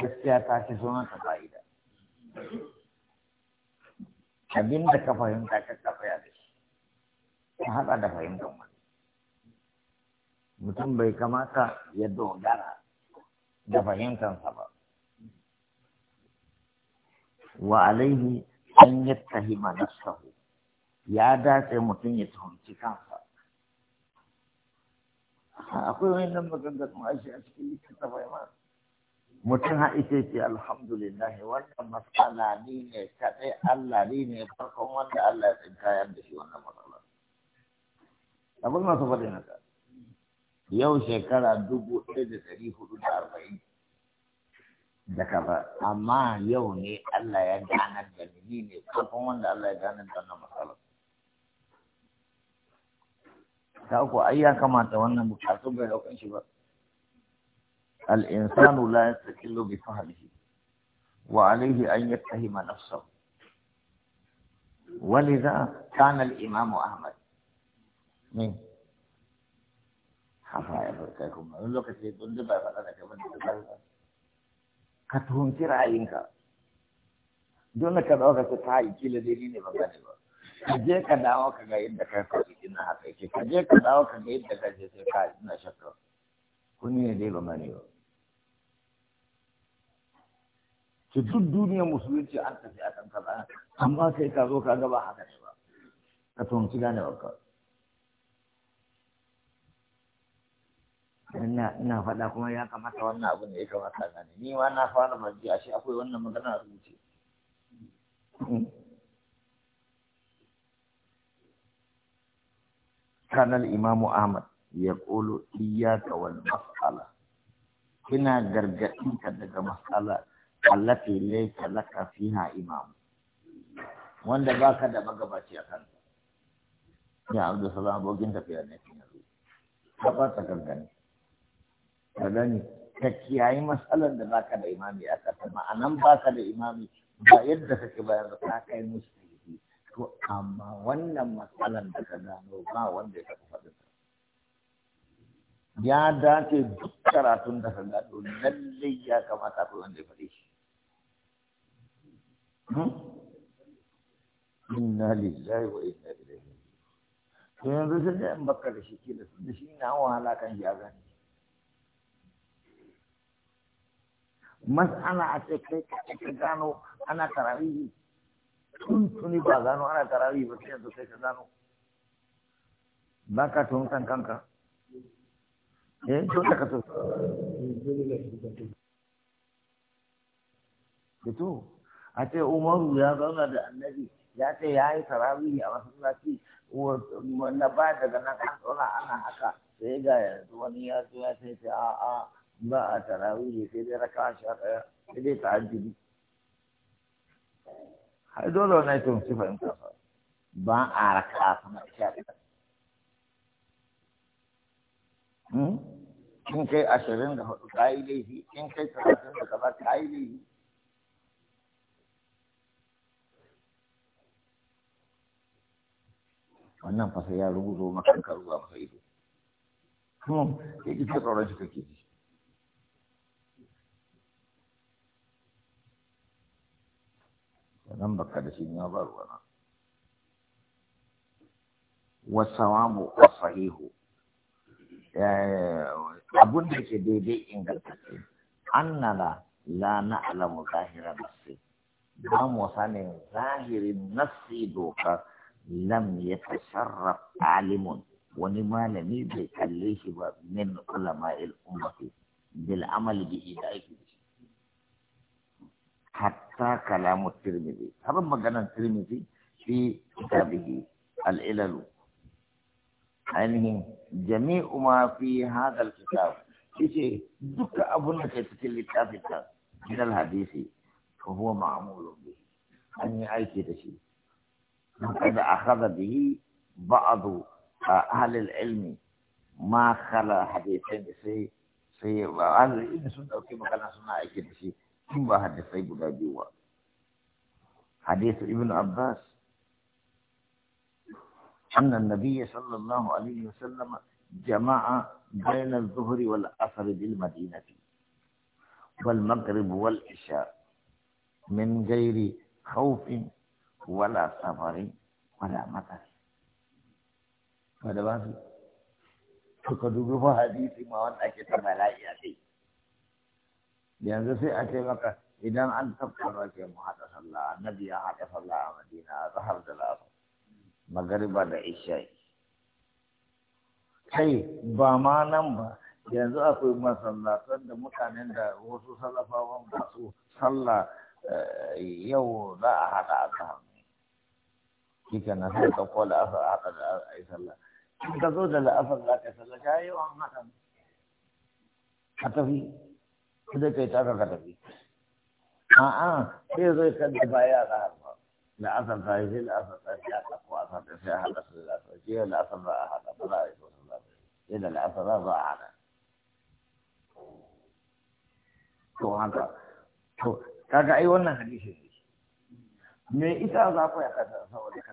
gaskiya ta fi sunan ta fa'ida abin da ka fahimta ka ka da ka haɗa da fahimtar wani mutum bai kamata ya dogara da fahimtansa ba wa alaihi an yattahima nafsahu ya dace mutum ya tuhunci kansa akwai wani nan maganganu a a cikin littattafai ma mutum ha ita ce alhamdulillah wannan matsala ni ne kaɗai Allah ni ne farkon wanda Allah ya tsinkayar da shi wannan matsala abin masu faɗi na ka yau shekara dubu ɗaya da ɗari hudu da arba'in da kaza amma yau ne Allah ya ganar da ni ne farkon wanda Allah ya ganar da wannan matsala ta uku ai ya kamata wannan bukatun bai ɗaukan shi ba الإنسان لا يستكل بفهمه وعليه أن يتهم نفسه ولذا كان الإمام أحمد من حفا يا بركاكم من لوقت من دبا فقدك من تبالغ كتهم ترعينك دون كذا تعالي كيلو ديني بغاني بغاني ka je ka dawo ka ga yadda kai kawai ina haka yake ka je ka dawo ka ga yadda kai sai ka ina shakka kun ne dai ba mani ba su duk duniyar musulunci an tafi akan kaza amma sai ka zo ka gaba haka ne ba ka tunci gane ba ina ina faɗa kuma ya kamata wannan abin da ya kamata gane ni ma na fara barci a shi akwai wannan magana a rubuce كان الإمام أحمد يقول إياك والمسألة هنا جرجتك daga مسألة allati laysa laka fiha imamu wanda ka da magabaci a kanta ya da salam abokin tafiya ne kin yanzu ka ba ta gangane Ta gani ka kiyaye matsalar da ba ka da imami a kansa ma'anan ka da imami ba yadda kake da ta kai musu to amma wannan matsalar da ka gano ba wanda ya taɓa faɗin ya dace duk karatun da ka gano lallai ya kamata ko wanda ya faɗi shi Hmm? inna lillahi wa inna ilaihi to yanzu sai da in baka da shi ke da da shi na wahala kan shi a gani mas'ala a ce kai ka gano ana tarawihi tun tuni ba gano ana tarawihi ba sai yanzu kai ka gano baka tun tuhumtan kanka eh to ka to eh, to a ce umaru ya zauna da annabi ya ce ya yi tarawih a masallaci na ba daga nan an tsora ana haka sai ga yanzu wani ya zo ya ce a a ba a tarawih sai dai raka sha ɗaya sai dai tahajjudi har dole wannan ita mutum fahimta ba a raka sama sha ɗaya hmm? in kai ashirin da hudu ka yi laifi kin kai talatin da kaza ka yi laifi wannan fasa ya rubuto maka ka ruwa maka ido kuma ya ƙi tsoron shi kake ji wannan baka da shi ya ba ruwa na wasawamu asahihu eh, abun da ke daidai ingantacce annala la na alamu zahirar nasi ba mu wasa ne zahirin nasi dokar lam ya tasharraf alimun wani malami bai kalle shi ba min ulama ummati bil amali bi da hatta kalamu tirmidhi har maganar tirmidhi fi kitabihi al-ilal ainihin jami'u ma fi hadha al-kitab yace duka abun da ke cikin littafin ta min al-hadisi fa huwa ma'mulun bi an yi aiki da shi وقد أخذ به بعض آه، أهل العلم ما خلا حديثين في في أهل العلم سنة كما كان سنة أكيد شيء كم حديث سيبنا جوا حديث ابن عباس أن النبي صلى الله عليه وسلم جمع بين الظهر والعصر بالمدينة والمغرب والعشاء من غير خوف wala safari wala matsari wadda ba su to ka dubi fa hadisi ma wanda ake ta bala'i a kai yanzu sai a maka idan an tabbata ke mu haɗa sallah annabi ya hada sallah a madina a zahar da lafa magariba da isha'i kai ba ma nan ba yanzu akwai masallatan da mutanen da wasu salafawan ba su sallah eh, yau za a haɗa a zahar shi ka na sai ka kola asa a haɗa da a yi sallah in ka zo da la'asar za ka sallah ka yi wani haɗa ka tafi sai kai taka ka tafi a'a sai zo ka da baya da harfa la'asar ta yi sai la'asar ta yi a ɗauko asar ta sai haɗa su da la'asar shi yau la'asar za a haɗa ba za a yi sosai ba sai da la'asar za a haɗa to haka to kaga ai wannan hadisi ne me ita za ku ya kasa saboda ka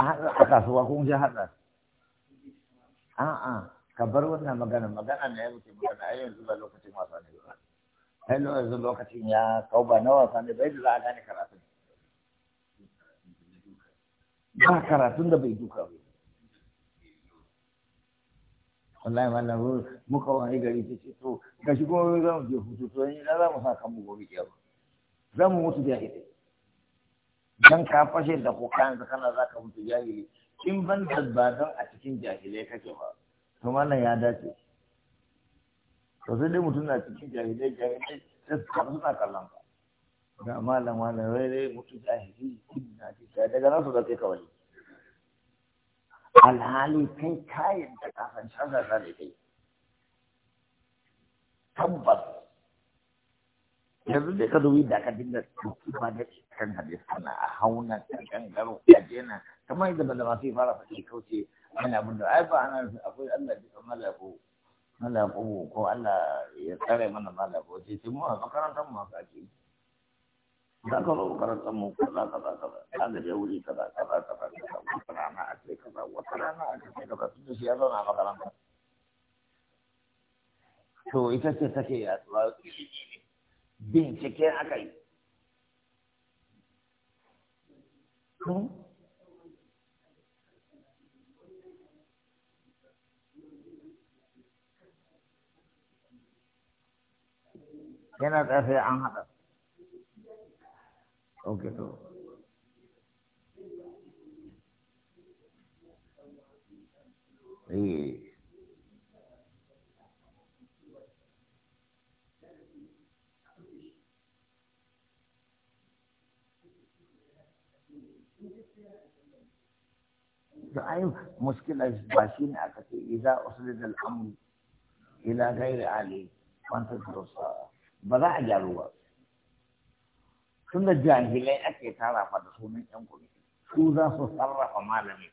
a kasuwa kun sha haɗa a'a ka bar wannan magana magana ne ya muke magana a yanzu ba lokacin wasa ne ba ai yanzu lokacin ya kau ba na wasa ne bai da za a gane karatun ba karatun da bai duka ba wallahi malam muka wani gari ta ce to ga shi kuma za mu je hutu to yanzu za mu sa kanmu gobe kiyama za mu mutu ita dan ka fashe da kuka yanzu kana za ka mutu jahili in ban ba don a cikin jahilai kake ba to mana ya dace to sai dai mutum na cikin jahilai jahilai sai su suna kallon ba ga malam malam rai rai mutu jahili na ji daga nan su da kai kawai alhali kai kayan da kafin shagasa da kai tabbas yanzu dai ka dubi da ka dinga kuma da kan hadis kana a hauna kan garo a jena kamar yadda ba da masu fara fashi kauce ana abin da ai ba ana akwai Allah ji malako malako ko Allah ya tsare mana malako sai sai mu a makarantar mu haka ake za ka zo makarantar mu kaza kaza kaza za ka je wuri kaza kaza kaza kaza wata rana a ce kaza wata rana a ce kaza tun da shi ya zauna a makarantar to ita ce take yaduwa ilimi bincike aka yi yana tsaye an haɗa ok to eh da ai muskila ba shi ne aka ce idan uslida da amr ila gairi ali wanta ba za a gyaru ba tun da jahilai ake tara fa da sunan yan kwamiti su za su sarrafa malami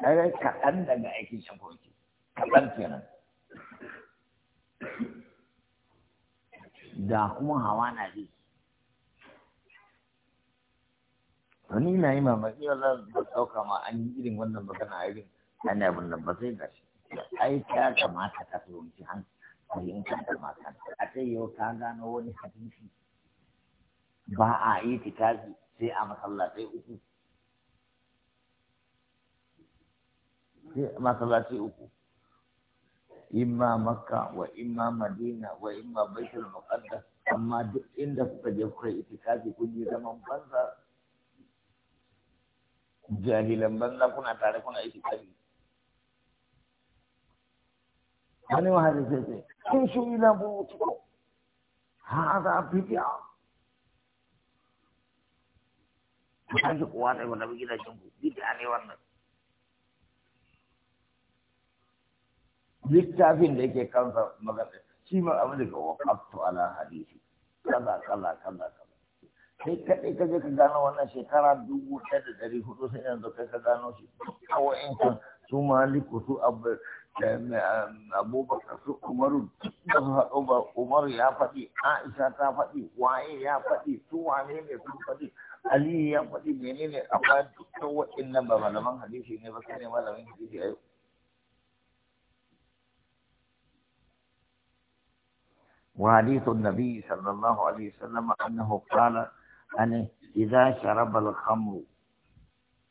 kare kaɗan daga aikin yan kwamiti kaɗan kenan da kuma hawa na jiki wani na yi mamaki wannan ba ɗauka ma an yi irin wannan magana a irin ana abin nan ba sai ga shi ai ta kamata ka fahimci Sai in ka kamata a sai yau ka gano wani hadisi ba a yi tikafi sai a masallatai uku sai masallatai uku imma makka wa imma madina wa imma baitul muqaddas amma duk inda kuka je kuka yi itikafi kun yi zaman banza jahilan banza kuna tare kuna aiki kari wani hajji sai sai in shi ila bu tuko ha za bidiya ku shi kuwa ne wanda bi shi ku bidiya ne wannan littafin da yake kansa magana shi ma abin da ga wakaftu ala hadisi kaza kaza kaza kaza kai kaɗai ka je ka gano wannan shekara dubu ɗaya da ɗari hudu sai yanzu kai ka gano shi kan su maliku su eh, eh, abubakar su umaru da su ba umaru ya faɗi aisha ta faɗi waye ya faɗi su wane ne sun faɗi aliyu ya faɗi menene a bayan dukkan waɗannan ba malaman hadisi ne ba sai ne malamin hadisi a yau وحديث النبي صلى الله عليه وسلم أنه قال أن يعني إذا شرب الخمر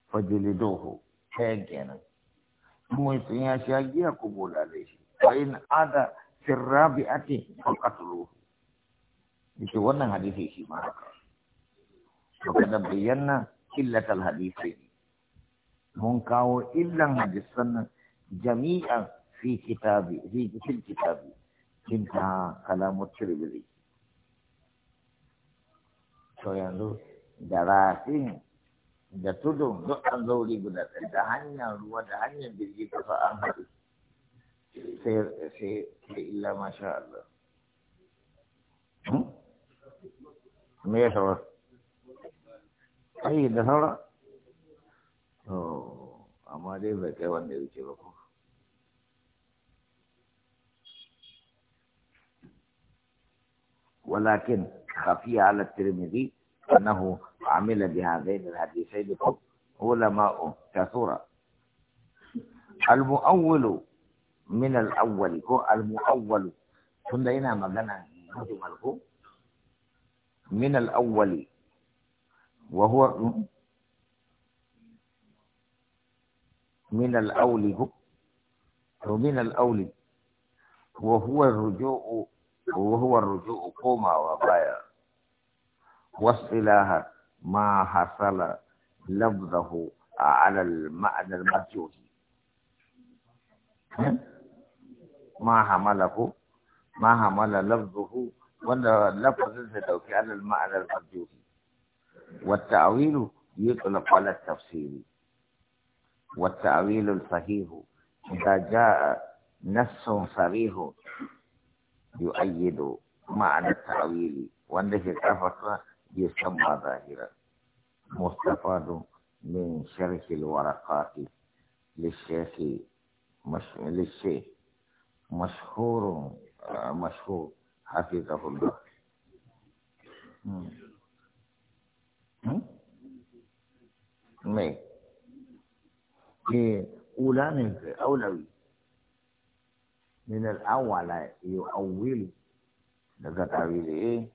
فجلدوه شاكينا ثم يسمى شاكيا قبول عليه وإن عاد في الرابعة فقتلوه يقول وانا حديثي شيء ما وقد بينا قلة الحديثين mun kawo illan hadisan jami'an fi kitabi fi kitabi kinta kalamu tirmidhi to yanzu da rafin da tudun duk an zauri guda ɗaya da hanyar ruwa da hanyar jirgi kasa an haɗu sai sai illa masha Allah me ya saura ai da saura to amma dai bai kai wanda ya wuce ba ko ولكن خفي على الترمذي أنه عمل بهذين الحديثين قط علماء كثرة المؤول من الأول هو المؤول كندينا مغنى من الأول وهو من الأول هو من الأول وهو الرجوع وهو الرجوع قوما وغير واصطلاحا ما حصل لفظه على المعنى المرجوح ما حمله ما حمل لفظه ولا لفظ سدوك على المعنى المرجوح والتأويل يطلق على التفسير والتأويل الصحيح إذا جاء نص صريح يؤيد معنى التأويل وأنه كفر يسمى ظاهرا مستفاد من شرح الورقات للشيخ مش... للشيخ مشهور مشهور حفظه الله مي أولان أولوي من الأول يؤول لقد تعويل إيه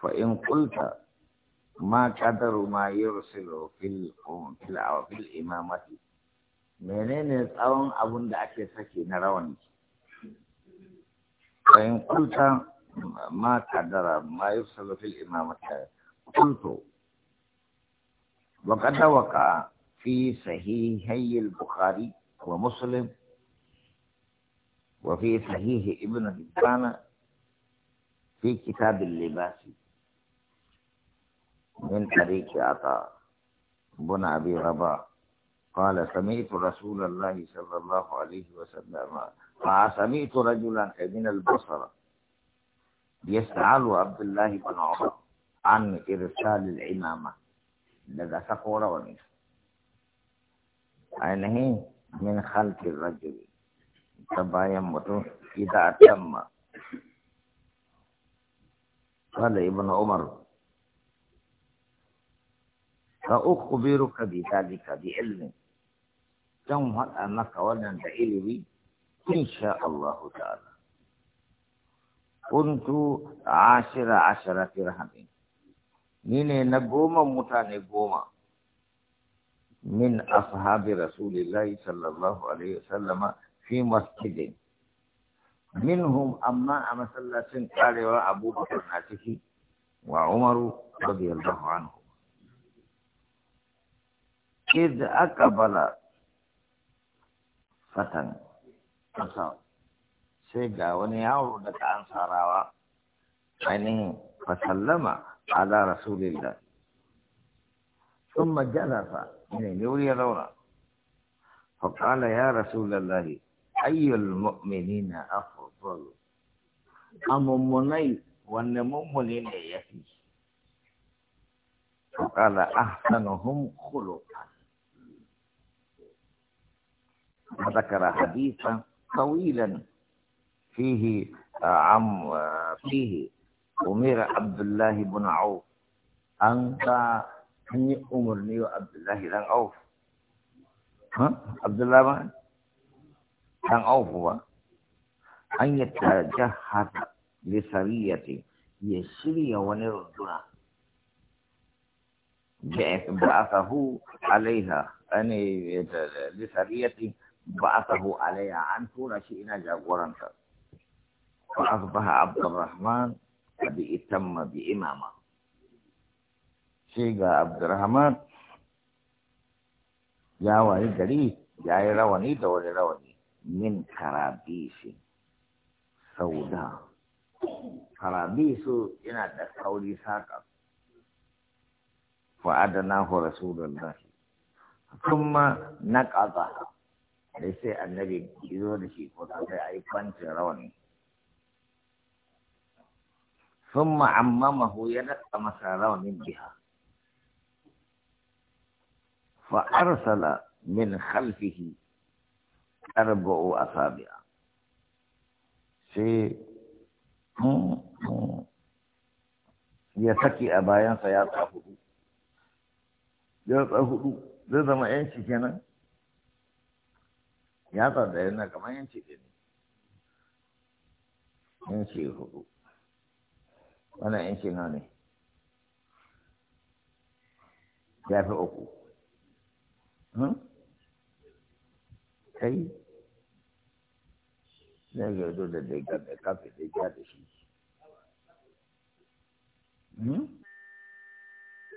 فإن قلت ما كدر ما يرسل في القوم في في الإمامة منين تاون أبون دا أكي سكي نراوني فإن قلت ما كدر ما يرسل في الإمامة قلت وقد وقع في صحيحي البخاري ومسلم وفي صحيح ابن حبان في كتاب اللباس من طريق عطاء بن أبي رباح قال سمعت رسول الله صلى الله عليه وسلم فسمعت رجلا من البصرة يسأل عبد الله بن عمر عن إرسال العمامة لذا تقول ونيس أنه من خلق الرجل تبايا متو إذا أتم قال ابن عمر فأخبرك بذلك بعلم كم أمك ولن تعلوي إن شاء الله تعالى كنت عاشر عشرة درهم من نقوم متانقوم من أصحاب رسول الله صلى الله عليه وسلم في مسجد منهم أما أما قال أبو بكر وعمر رضي الله عنه إذ أقبل فتن فسان سيقا ونياو لك صاراوة عينه يعني فسلم على رسول الله ثم جلس من يعني يوري لونا فقال يا رسول الله أي المؤمنين أفضل أم وأن مؤمنين يفي فقال أحسنهم خلقا وذكر حديثا طويلا فيه آه، عم آه، فيه أمير عبد الله بن عوف أنت أني أمرني عبد الله بن عوف ها عبد الله بن بن عوف هو أن يتجهد لسرية يسري ونردنا بعثه عليها أن آه، لسرية بعثه علي عنك نشئنا جاورا فأصبح عبد الرحمن قد اتم بإمامة شيخ عبد الرحمن يا وري جري يا رواني دور رواني من كرابيس سوداء كرابيس إن تقولي ساقا فأدناه رسول الله ثم نقضها sai sai annabi zo da shi ko ta sai a yi kwancin rawani sun ma'ammamahu ya daɗa masa rawanin biha fa'arsala min khalfihi arba'u asabi'a sai ya saki a bayansa ya tsa hudu ya tsa hudu zai zama yanci kenan ya tsada yana kamar yanci ɗin yanci hudu wannan yanci na ne ya fi uku hmm? kai zai ga gado da dai da kafin da ya da shi hmm?